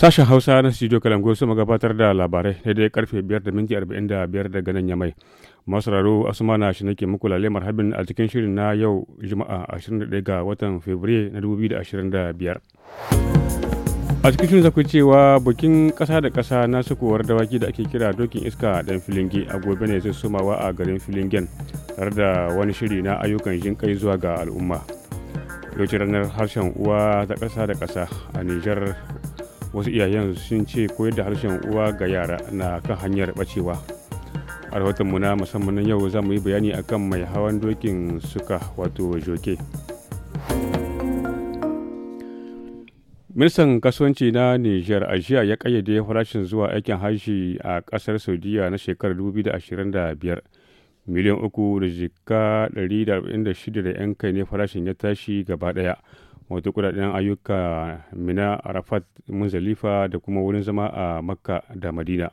Sashen Hausa na Studio Kalango su gabatar da labarai daidai karfe 5 da minti 45 daga nan yamai. Masararo Asumana shi nake muku lalemar habin a cikin shirin na yau Juma'a 21 ga watan Fabrairu na 2025. A cikin shirin zaku cewa bukin ƙasa da kasa na sukuwar dawaki da ake kira dokin iska dan filingi a gobe ne zai sumawa a garin filingen tare da wani shiri na ayyukan jin kai zuwa ga al'umma. yauci ranar harshen uwa ta kasa da kasa a Nijar wasu iyayen sun ce koyar da harshen uwa ga yara na kan hanyar bacewa a rahotonmu na musamman yau za mu yi bayani akan mai hawan dokin suka wato joke ministan kasuwanci na niger a jiya ya kayyade farashin zuwa aikin harshe a kasar saudiya na shekarar 2025 miliyan uku da jika 146 da 'yan kai ne farashin ya tashi gaba daya wato kudaden ayyuka mina arafat muzalifa da kuma wurin zama a makka da madina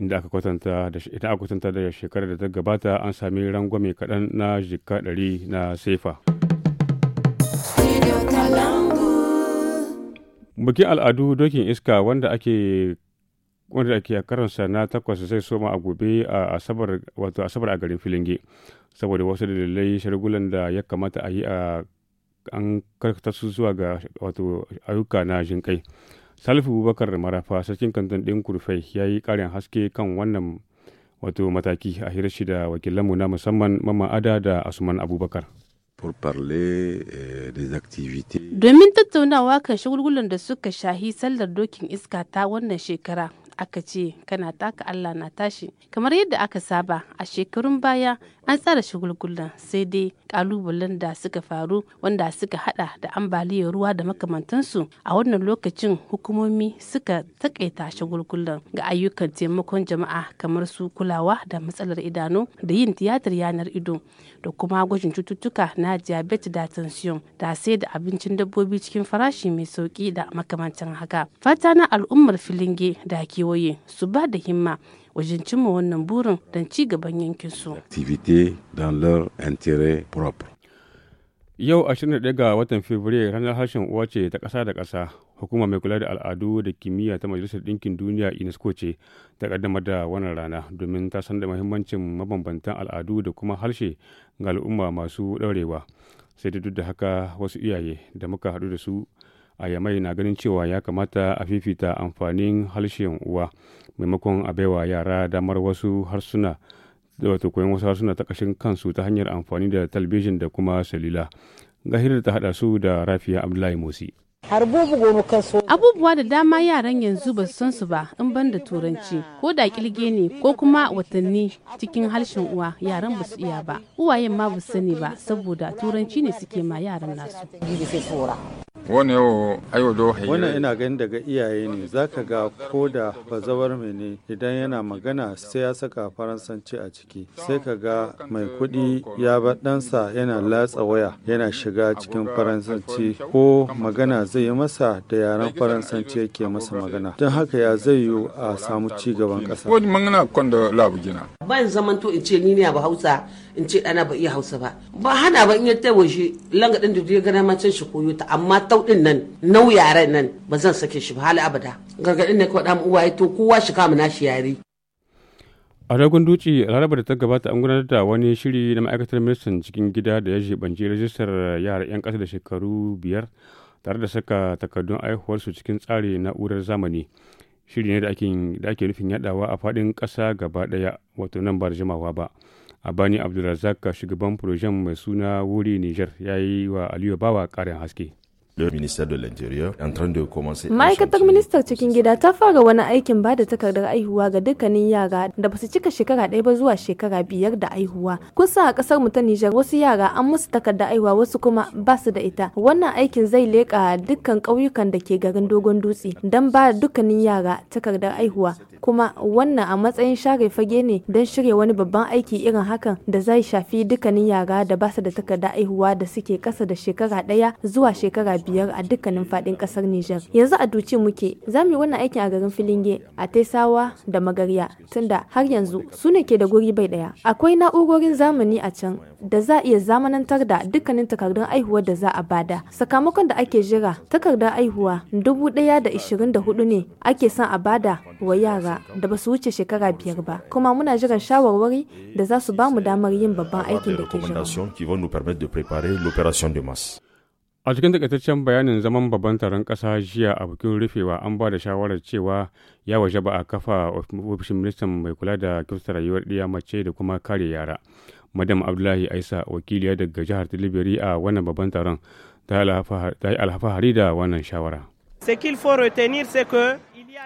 inda aka kwatanta da idan aka kwatanta da shekarar da ta gabata an sami rangwame kaɗan na jika ɗari na sefa bikin al'adu dokin iska wanda ake wanda ake karansa na takwas zai soma a gobe a asabar wato asabar a garin filinge saboda wasu dalilai shargulan da ya kamata a yi a an karkata su zuwa ga wato ayyuka na jinƙai salifu bubakar marafa sarkin kantin ɗin kurfai ya yi ƙarin haske kan wannan wato mataki a hirar shida da wakilanmu na musamman mama ada da asuman abubakar eh, Domin tattaunawa kan shagulgulan da suka shahi sallar dokin iska ta wannan shekara aka ce kana taka Allah na tashi kamar yadda aka saba a shekarun baya an tsara shagulgulan sai dai kalubalen da suka faru wanda suka hada da ambaliyar ruwa da makamantansu a wannan lokacin hukumomi suka takaita shagulgulan ga ayyukan taimakon jama'a kamar su kulawa da matsalar idanu da yin tiyatar yanar ido da kuma gwajin cututtuka na diabetes da tension da sai da abincin dabbobi cikin farashi mai sauki da makamancin haka fata na al'ummar filinge da kewaye su ba da himma wajen cimma wannan burin don ci gaban yankin su. Yau 21 ga watan Fabrairu ranar harshen uwa ce ta ƙasa da ƙasa, hukuma mai kula da al'adu da kimiyya ta Majalisar Ɗinkin Duniya UNESCO ce ta ƙaddamar da wannan rana domin ta san da muhimmancin mabambantan al'adu da kuma harshe ga al'umma masu ɗaurewa sai da duk da haka wasu iyaye da muka haɗu da su a yamai na ganin cewa ya kamata a fifita amfanin harshen uwa maimakon a baiwa yara damar wasu harsuna wato koyon wasu harsuna ta ƙashin kansu ta hanyar amfani da talbijin da kuma salila ga hirar ta haɗa su da rafiya abdullahi musi abubuwa da dama yaran yanzu ba su san su ba in ban da turanci ko da kilge ne ko kuma watanni cikin harshen uwa yaran ba su iya ba uwayen ma ba sani ba saboda turanci ne suke ma yaran nasu wani yau hayi wannan ina ganin daga iyaye ne zaka ga ko da bazawar mai ne idan yana magana sai ya saka faransanci a ciki sai ka ga mai kuɗi ya ba ɗansa yana latsa waya yana shiga cikin faransanci ko magana zai yi masa da yaren faransanci yake masa magana don haka ya zai yiwu a samu ci gaban ƙasa. wani magana kwanda labu gina. ban zaman to in ce ni ne ba hausa in ce ɗana ba iya hausa ba ba hana ba in ya tawo langa ɗin da ya gana ma shi koyo ta amma fatau din nan nau yaren nan ba zan sake shi hali abada gargaɗin ne kawai mu uwaye to kowa shi kama nashi yare. a dogon duci laraba da ta gabata an gudanar da wani shiri na ma'aikatar ministan cikin gida da ya jibanci rajistar yara 'yan ƙasa da shekaru biyar tare da saka takardun aihuwarsu cikin tsari na'urar zamani shiri ne da ake nufin yadawa a fadin ƙasa gaba ɗaya wato nan ba da jimawa ba a bani abdulrazak shugaban furojen mai suna wuri niger ya yi wa aliyu bawa ƙarin haske le ministère de l'Intérieur en train de commencer. Ma'aikatar ministar cikin gida ta fara wani aikin ba da takardar aihuwa ga dukkanin yara da ba su cika shekara ɗaya ba zuwa shekara biyar da aihuwa. Kusa a ƙasar mu ta Nijar wasu yara an musu takardar aihuwa wasu kuma ba su da ita. Wannan aikin zai leƙa dukkan ƙauyukan da ke garin Dogon Dutse don ba dukkanin yara takardar aihuwa. Kuma wannan a matsayin share fage ne don shirya wani babban aiki irin hakan da zai shafi dukkanin yara da ba su da takardar aihuwa da suke kasa da shekara ɗaya zuwa shekara biyar a dukkanin faɗin ƙasar Nijar. Yanzu a duci muke, za mu yi wannan aikin a garin Filinge, a Taisawa da Magarya, tunda har yanzu su ne ke da guri bai daya Akwai na'urorin zamani a can da za a iya zamanantar da dukkanin takardun aihuwar da za a bada. Sakamakon da ake jira takardar aihuwa dubu daya da ishirin da hudu ne ake son a bada wa yara da ba su wuce shekara biyar ba. Kuma muna jiran shawarwari da za su ba mu damar yin babban aikin da ke jira. A cikin takaitaccen bayanin zaman babban taron ƙasa jiya a bukin rufewa an ba da shawarar cewa ya waje ba a kafa ofishin ministan mai kula da kyautata rayuwar ɗiya mace da kuma kare yara. Madam Abdullahi Aisa wakiliya daga jihar Tilibiri a wannan babban taron ta yi alfahari da wannan shawara.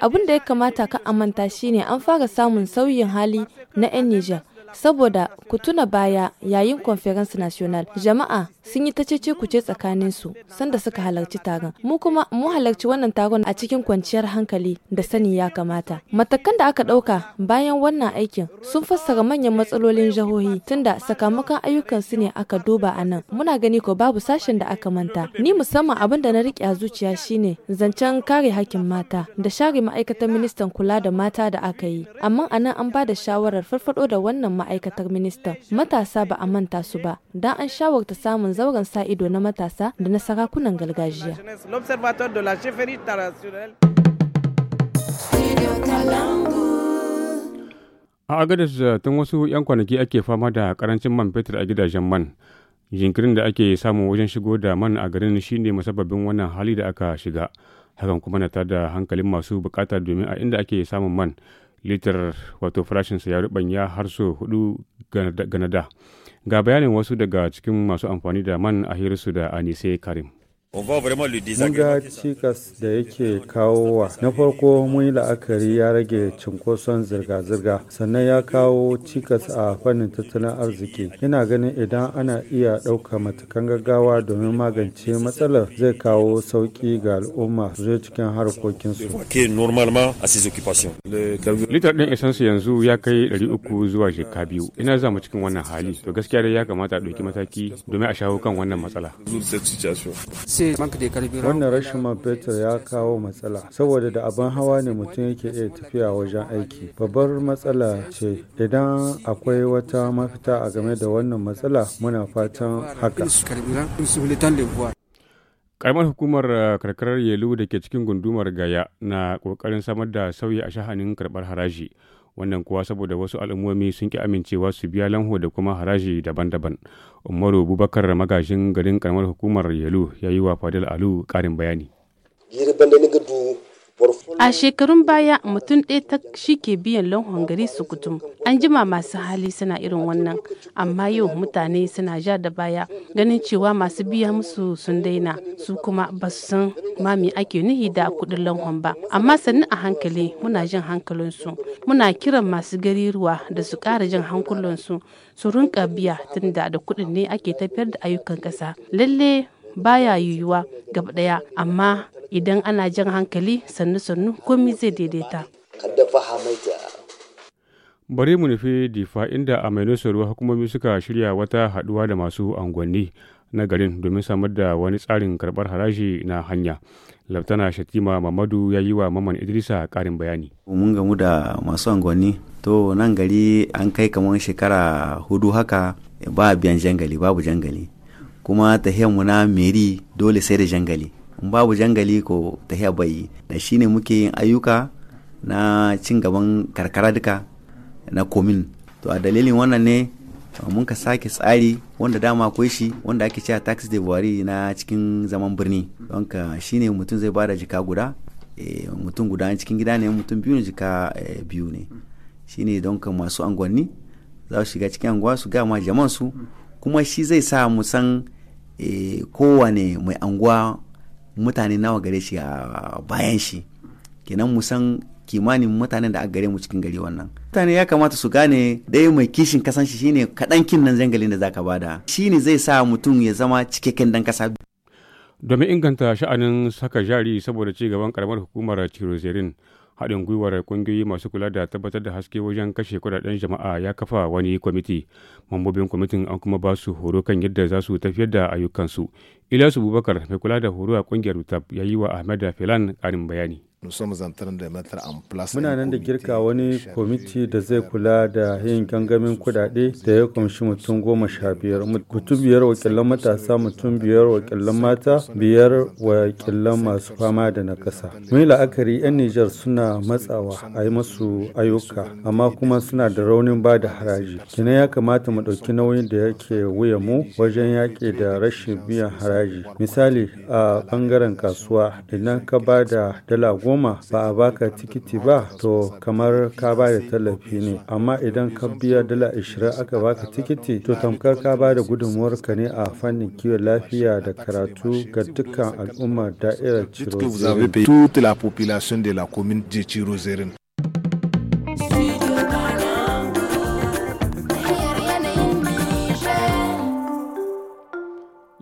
Abin da ya kamata ka amanta shine an fara samun sauyin hali na 'yan Nijar. saboda ku tuna baya yayin conference national jama'a sun yi ta cece kuce tsakanin su sanda suka halarci taron mu kuma mu halarci wannan taron a cikin kwanciyar hankali da sani ya kamata matakan da aka dauka bayan wannan aikin sun fassara manyan matsalolin jihohi tunda sakamakon ayyukan su ne aka duba a nan muna gani ko babu sashen da aka manta ni musamman abin da na rike a zuciya shine zancen kare hakkin mata da share ma'aikatan ministan kula da mata da aka yi amma anan an ba da shawarar farfado da wannan ma'aikatar minista. Matasa ba a manta su ba, don an shawarta samun zauren sa ido na matasa da na sarakunan gargajiya. A agadis tun wasu 'yan kwanaki ake fama da karancin man fetur a gidajen man. Jinkirin da ake samu wajen shigo da man a garin shine masababin wannan hali da aka shiga. Hakan kuma na tada hankalin masu bukata domin a inda ake samun man litar wato farashinsa ya rubanya har so hudu ganada ga bayanin wasu daga cikin masu amfani da man a hirarsu da anise karim Mun cikas da yake kawowa na farko mun la'akari ya rage cinkoson zirga-zirga sannan ya kawo cikas a fannin tattalin arziki. yana ganin idan ana iya ɗauka matakan gaggawa domin magance matsalar zai kawo sauƙi ga al'umma zai cikin su Litar ɗin isansu yanzu ya kai 300 zuwa shekka biyu. Ina za cikin wannan hali to gaskiya dai ya kamata a ɗauki mataki domin a shawo kan wannan matsala. wannan rashin man fetur ya kawo matsala saboda da abin hawa ne mutum yake iya tafiya wajen aiki babbar matsala ce idan akwai wata mafita a game da wannan matsala muna fatan haka karamar hukumar eh, karkarar yelu da ke cikin gundumar gaya na kokarin samar da sauyi a shahanin karbar haraji wannan kuwa saboda wasu al'ummomi sun ki amincewa su biya lanho da kuma haraji daban-daban umaru bubakar magajin garin karamar hukumar yalu ya yi wa fadil alu karin bayani A shekarun baya mutum ɗaya ta shi ke biyan lauhon gari su kutum. An jima masu hali suna irin wannan, amma yau mutane suna ja da baya ganin cewa masu biya musu sun daina su kuma ba su san mami ake nuhi da kuɗin lauhon ba. Amma sannu a hankali muna jin hankalinsu, muna kiran masu gari ruwa da su ƙara jin hankulansu su rinka biya tunda da kuɗin ne ake tafiyar da ayyukan ƙasa. Lalle baya yiwuwa gaba ɗaya amma idan ana jan hankali sannu-sannu komi zai daidaita. Bari mu nufi difa inda a mai ruwa hukumomi suka shirya wata haɗuwa da masu angwanni na garin domin samar da wani tsarin karɓar haraji na hanya. Laftana Shatima Mamadu ya yi wa Maman Idrisa ƙarin bayani. Mun gamu da masu angwanni to nan gari an kai kamar shekara hudu haka ba biyan jangali babu jangali kuma ta na meri dole sai da jangali. in babu jangali ko ta hiya bai na ne muke yin ayyuka na cin gaban karkara duka na komin to a dalilin wannan ne uh, mun ka sake tsari wanda dama akwai shi wanda ake cewa tax de Buhari na cikin zaman birni don ka ne mutum zai bada jika guda eh, mutum guda cikin gida ne mutum biyu ne jika eh, biyu ne Shi ne don ka masu angwanni za su shiga cikin anguwa su gama jaman su kuma shi zai sa mu san eh, kowane mai anguwa mutane nawa gare shi a bayan shi kenan mu san kimanin mutanen da aka gare mu cikin gari wannan mutane ya kamata su gane dai mai kishin kasan shi shine kaɗan kin nan zangalin da zaka bada shine zai sa mutum ya zama cikakken dan kasa domin inganta sha'anin saka jari saboda ci gaban karamar hukumar cirozerin haɗin gwiwar ƙungiyoyi masu kula da tabbatar da haske wajen kashe kudaden jama'a ya kafa wani kwamiti mambobin kwamitin an kuma ba su horo kan yadda za su tafiyar da ayyukansu ilyasu bubakar mai kula da horo a ƙungiyar rutab ya yi wa ahmed filan ƙarin bayani Muna nan da girka wani komiti da zai kula da yin gangamin kudade da ya kumshi mutum goma sha biyar. Mutum biyar wakilan matasa, mutum biyar wakilan mata, biyar wakilan masu fama da naƙasa. Mun yi la'akari 'yan Nijar suna matsawa a yi masu ayyuka, amma kuma suna da raunin ba da haraji. Kina ya kamata mu ɗauki nauyin da yake wuya mu wajen yaƙi da rashin biyan haraji. Misali a ɓangaren kasuwa, idan ka ba da dala goma ba a baka tikiti ba to kamar ka ba da tallafi ne amma idan ka biya dala ashirin aka baka tikiti to tamkar ka ba da ka ne a fannin kiwon lafiya da karatu ga dukkan al'ummar da'irar Cirozerin.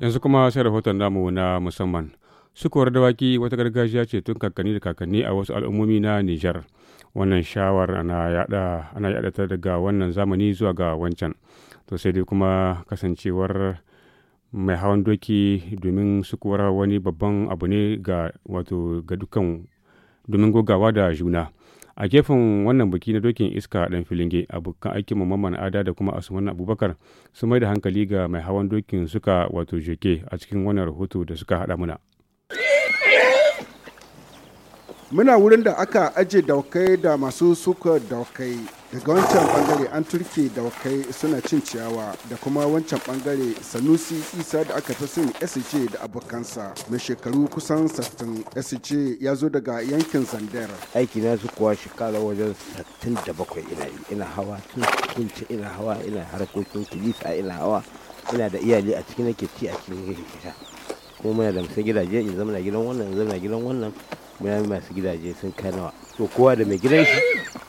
Yanzu kuma sai rahoton namu na musamman. sukuwar dawaki wata gargajiya ce tun kakanni da kakanni a wasu al'ummomi na Nijar. Wannan shawar ana yada ta daga wannan zamani zuwa ga wancan. To sai dai kuma kasancewar mai hawan doki domin sukuwar wani babban abu ne ga wato ga dukkan domin gogawa da juna. A gefen wannan biki na dokin iska dan filinge abokan aikin mamman ada da kuma asuman abubakar su mai da hankali ga mai hawan dokin suka wato jeke a cikin wannan rahoto da suka haɗa muna. muna wurin da aka aje daukai da masu suka daukai daga wancan bangare an turke daukai suna cin ciyawa da kuma wancan bangare sanusi isa da aka fi sun sj da abokansa mai shekaru kusan 60 sj ya zo daga yankin zandar aiki na su kuwa shekara wajen 67 ina ina hawa tun kunce ina hawa ina harkokin kilisa ina hawa ina da iyali a cikin nake ci a cikin gidan kuma muna da gidaje in zama na gidan wannan in zama na gidan wannan muna masu gidaje sun kai nawa to kowa da mai gidan shi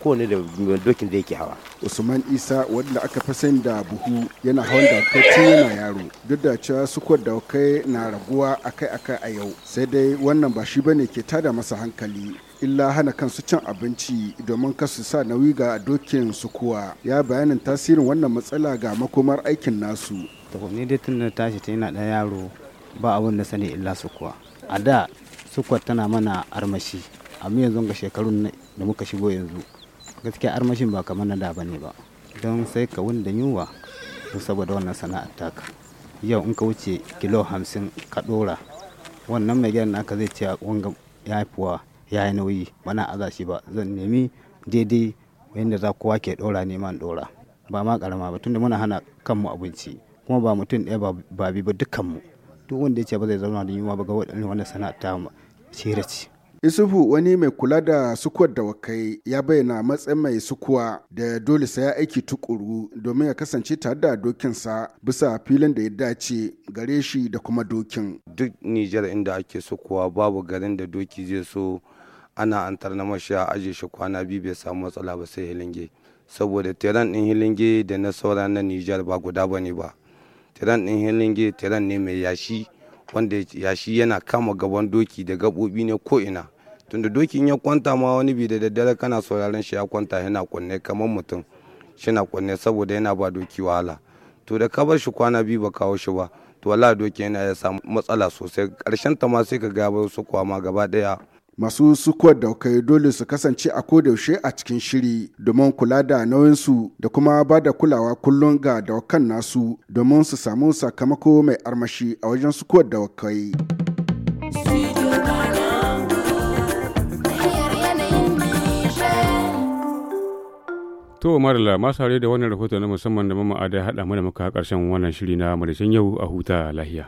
ko ne da dokin da yake hawa usman isa wanda aka fi sani da buhu yana hawan da kai yana yaro duk da cewa da kai na raguwa akai-akai a yau sai dai wannan ba shi bane ke tada masa hankali illa hana kansu cin abinci domin kasu sa nauyi ga dokin su kuwa ya bayanin tasirin wannan matsala ga makomar aikin nasu ne dai tun tashi ta yana ɗan yaro ba abin da sani illa kuwa a da sukwar tana mana armashi amma yanzu ga shekarun da muka shigo yanzu gaskiya armashin ba kamar na da ba ne ba don sai ka wunda yunwa saboda wannan sana'ar taka yau in ka wuce kilo hamsin ka dora wannan mai gidan naka zai ce wanga ya fuwa ya yi nauyi bana aza shi ba zan nemi daidai yadda za kowa ke ɗora neman dora ba ma karama ba da muna hana kanmu abinci kuma ba mutum ɗaya ba bi ba dukkanmu duk wanda ya ce ba zai zauna da yunwa ba ga waɗannan wannan sana'ar ta sirici. isufu wani mai kula da sukuwar dawakai ya bayyana matsayin mai sukuwa da dole sai ya aiki tukuru domin ya kasance tare da dokinsa bisa filin da ya dace gare shi da kuma dokin duk nijar inda ake sukuwa babu garin da doki zai so ana antar na mashi a aje shi kwana biyu bai samu matsala ba sai hilinge saboda tiran din hilinge da na saura na nijar ba guda ba ne ba tiran din hilinge tiran ne mai yashi wanda ya shi yana kama gaban doki da gabobi ne ko ina tunda dokin ya kwanta ma wani bi da daddare kana sauraron shi ya kwanta yana kunne kamar mutum shina kunne saboda yana ba doki wahala to da ka bar shi kwana biyu ba kawo shi ba to wallahi doki yana ya samu matsala sosai karshen ta ma sai ka ga su kwama gaba daya masu sukuwar daukai dole su kasance a kodaushe a cikin shiri domin kula da nauyinsu da kuma ba da kulawa kullum ga dawakan nasu domin su samu sakamako mai armashi a wajen sukuwar dawakai. To Marla, masu da wannan rahoton na musamman da mama Ada haɗa mana muka karshen wannan shiri na madashin yau a huta lahiya.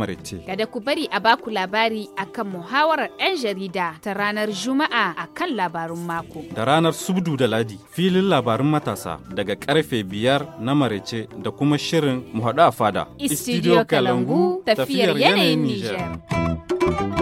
maraice. Kada ku bari a baku labari akan muhawarar 'yan jarida ta ranar Juma'a akan labarun mako. Da ranar Subdu da Ladi filin labarun matasa daga karfe biyar na maraice da kuma shirin mu haɗu a fada. Istidiyo Kalangu tafiyar yanayin Nijar.